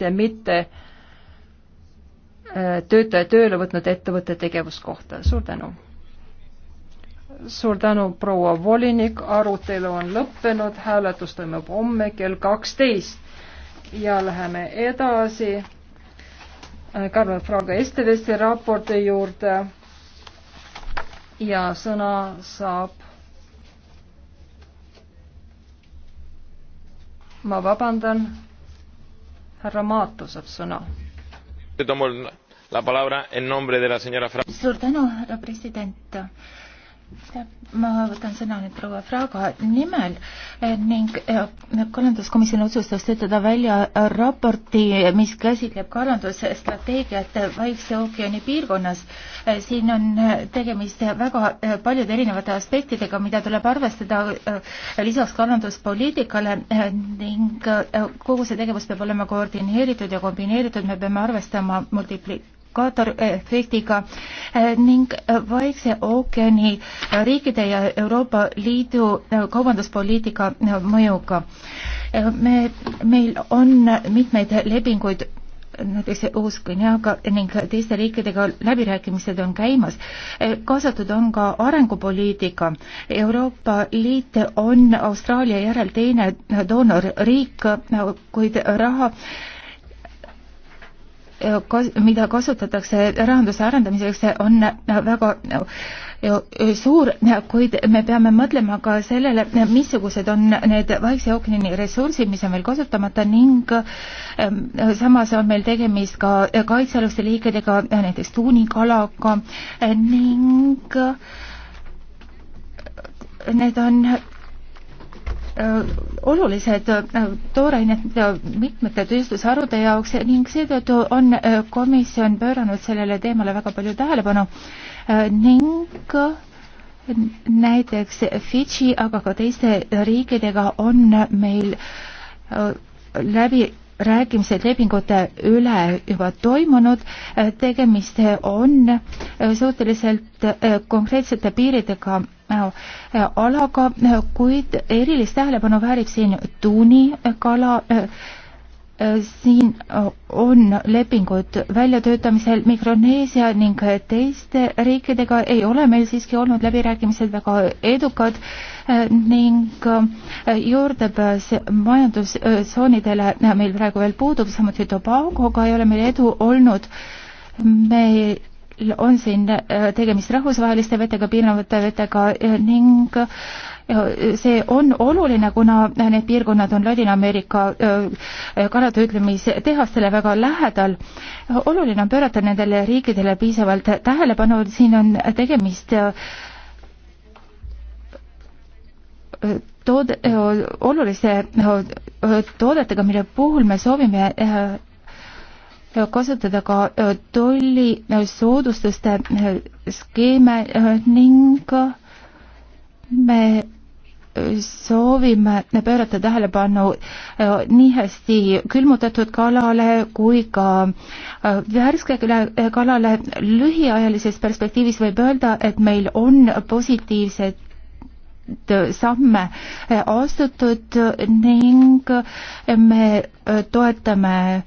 ja mitte äh, töötaja tööle võtnud ettevõtte tegevuskohta. suur tänu. suur tänu, proua volinik, arutelu on lõppenud, hääletus toimub homme kell kaksteist ja läheme edasi äh, Karmen Fraga Estevesi raporti juurde ja sõna saab ma vabandan härra Maato saab sõna. suur tänu, härra president ma võtan sõna nüüd proua Fraga nimel eh, ning eh, kalanduskomisjon otsustas töötada välja raporti, mis käsitleb kalandusstrateegiat Vaikse ookeani piirkonnas. Eh, siin on tegemist väga paljude erinevate aspektidega, mida tuleb arvestada lisaks kalanduspoliitikale ning kogu see tegevus peab olema koordineeritud ja kombineeritud, me peame arvestama multipli-, multiplikaatorefektiga eh, ning eh, Vaikse ookeani eh, riikide ja Euroopa Liidu kaubanduspoliitika mõjuga. me, meil on mitmeid lepinguid näiteks Uus-Guineaga ning teiste riikidega läbirääkimised on käimas. kaasatud on ka arengupoliitika. Euroopa Liit on Austraalia järel teine doonorriik, kuid raha kas-, mida kasutatakse rahanduse arendamiseks, on väga suur, kuid me peame mõtlema ka sellele, missugused on need Vaikse ookeani ressursid, mis on meil kasutamata ning ähm, samas on meil tegemist ka kaitsealuste liikidega, näiteks tuunikalaga ning need on Äh, olulised äh, toorained mitmete tööstusharude jaoks ning seetõttu on äh, komisjon pööranud sellele teemale väga palju tähelepanu ning näiteks Fidži, aga ka teiste riikidega on meil läbi rääkimised lepingute üle juba toimunud, tegemist on suhteliselt konkreetsete piiridega alaga, kuid erilist tähelepanu väärib siin tuunikala. siin on lepingud väljatöötamisel Mikroneesia ning teiste riikidega ei ole meil siiski olnud läbirääkimised väga edukad ning juurdepääs majandustsoonidele meil praegu veel puudub, samuti Tobagoga ei ole meil edu olnud. me on siin äh, tegemist rahvusvaheliste vetega, piirnevate vetega äh, ning äh, see on oluline, kuna need piirkonnad on Ladina-Ameerika kalatöötlemistehastele väga lähedal. oluline on pöörata nendele riikidele piisavalt tähelepanu, siin on tegemist tood-, oluliste toodetega, mille puhul me soovime kasutada ka äh, tolli äh, soodustuste äh, skeeme ning me soovime pöörata tähelepanu nii hästi külmutatud kalale kui ka värskele kalale. lühiajalises perspektiivis võib öelda, et meil on positiivsed samme astutud ning me toetame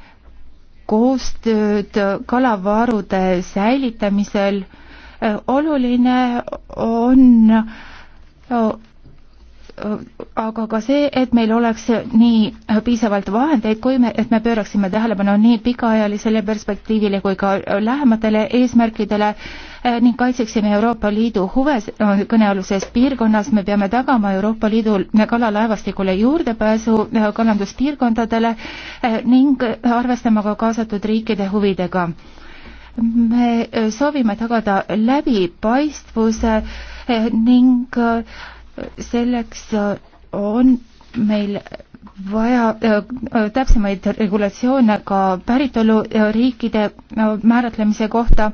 koostööd kalavarude säilitamisel. oluline on aga ka see, et meil oleks nii piisavalt vahendeid, kui me, et me pööraksime tähelepanu nii pikaajalisele perspektiivile kui ka lähematele eesmärkidele eh, ning kaitseksime Euroopa Liidu huve eh, kõnealuses piirkonnas, me peame tagama Euroopa Liidu kalalaevastikule juurdepääsu eh, kalanduspiirkondadele ning arvestama ka kaasatud riikide huvidega me soovime tagada läbipaistvuse ning selleks äh, on meil vaja äh, täpsemaid regulatsioone ka päritoluriikide äh, määratlemise kohta.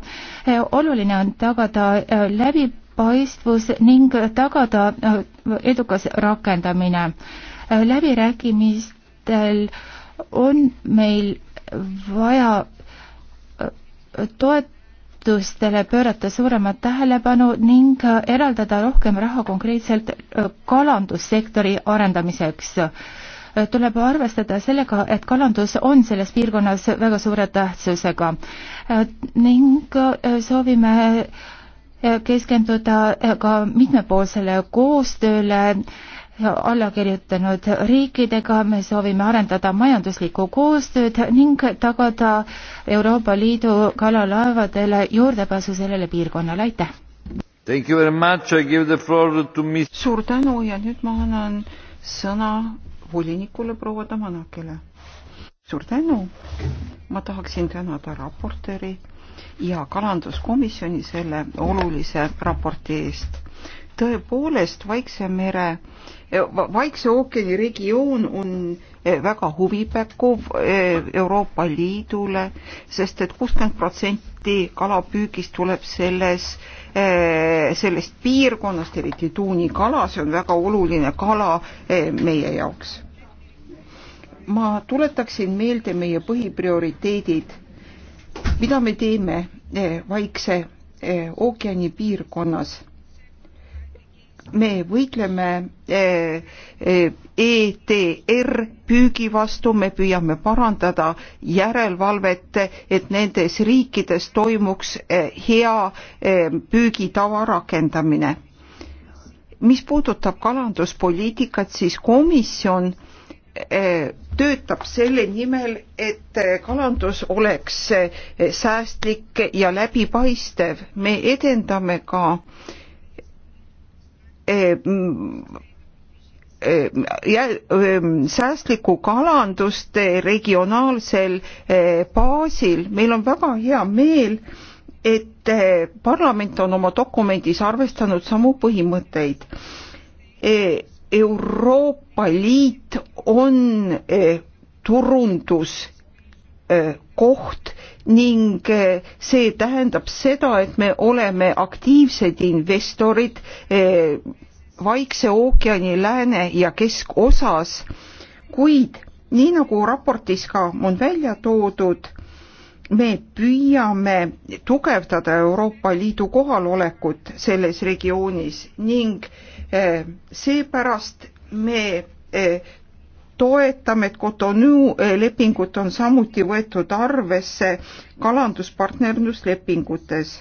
oluline on tagada läbipaistvus ning tagada edukas rakendamine. läbirääkimistel on meil vaja toet-, väärtustele pöörata suuremat tähelepanu ning eraldada rohkem raha konkreetselt äh, kalandussektori arendamiseks. Äh, tuleb arvestada sellega, et kalandus on selles piirkonnas väga suure tähtsusega äh, ning soovime keskenduda ka mitmepoolsele koostööle alla kirjutanud riikidega, me soovime arendada majanduslikku koostööd ning tagada Euroopa Liidu kalalaevadele juurdepääsu sellele piirkonnale, aitäh! suur tänu ja nüüd ma annan sõna volinikule proua Tamanakile. suur tänu, ma tahaksin tänada raportööri ja kalanduskomisjoni selle olulise raporti eest tõepoolest Vaikse mere, Vaikse ookeani regioon on eh, väga huvipakkuv eh, Euroopa Liidule, sest et kuuskümmend protsenti kalapüügist tuleb selles, eh, sellest piirkonnast, eriti tuunikala, see on väga oluline kala meie jaoks. ma tuletaksin meelde meie põhiprioriteedid, mida me teeme Vaikse ookeani piirkonnas me võitleme ETR eh, eh, e püügi vastu, me püüame parandada järelevalvet, et nendes riikides toimuks eh, hea püügitava rakendamine. mis puudutab kalanduspoliitikat, siis komisjon töötab selle nimel, et kalandus oleks säästlik ja läbipaistev. me edendame ka äh, Eh, mm, eh, ehm, säästlikku kalandust eh, regionaalsel baasil. meil on väga hea meel, et parlament on oma dokumendis arvestanud samu põhimõtteid. Euroopa Liit on turunduskoht ning eh, see tähendab seda, et me oleme aktiivsed investorid eh, Vaikse ookeani lääne ja keskosas, kuid nii nagu raportis ka on välja toodud, me püüame tugevdada Euroopa Liidu kohalolekut selles regioonis ning eh, seepärast me toetame, et Cotonou eh, lepingut on samuti võetud arvesse kalanduspartnerluslepingutes.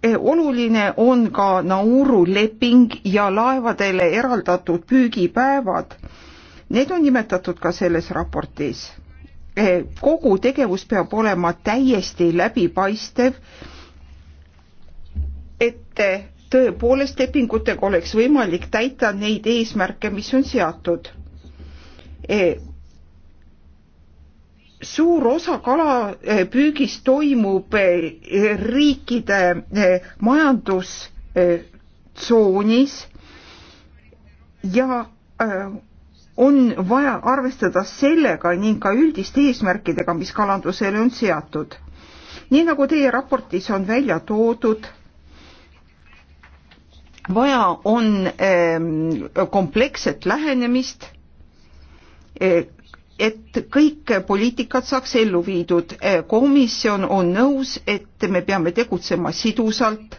Eh, oluline on ka Nauru leping ja laevadele eraldatud püügipäevad. Need on nimetatud ka selles raportis. Eh, kogu tegevus peab olema täiesti läbipaistev, et tõepoolest lepingutega oleks võimalik täita neid eesmärke, mis on seatud e suur osa kalapüügist e, toimub e, riikide e, majandustsoonis ja on vaja arvestada sellega ning ka üldiste eesmärkidega, mis kalandusele on seatud. nii nagu teie raportis on välja toodud vaja on ehm, kompleksset lähenemist, e, et kõik poliitikad saaks ellu viidud. E, komisjon on nõus, et me peame tegutsema sidusalt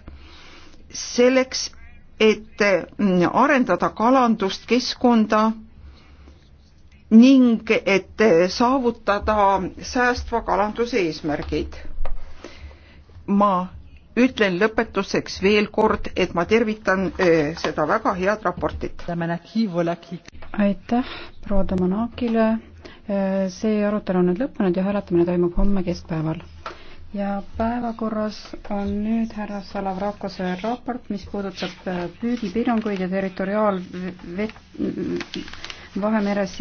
selleks, et e, arendada kalandust, keskkonda ning et saavutada säästva kalanduse eesmärgid. ma ütlen lõpetuseks veel kord, et ma tervitan öö, seda väga head raportit. aitäh proua Damanakile. see arutelu on nüüd lõppenud ja hääletamine toimub homme keskpäeval. ja päevakorras on nüüd härra Salavrakose raport, mis puudutab püügipiiranguid ja territoriaalvett Vahemeres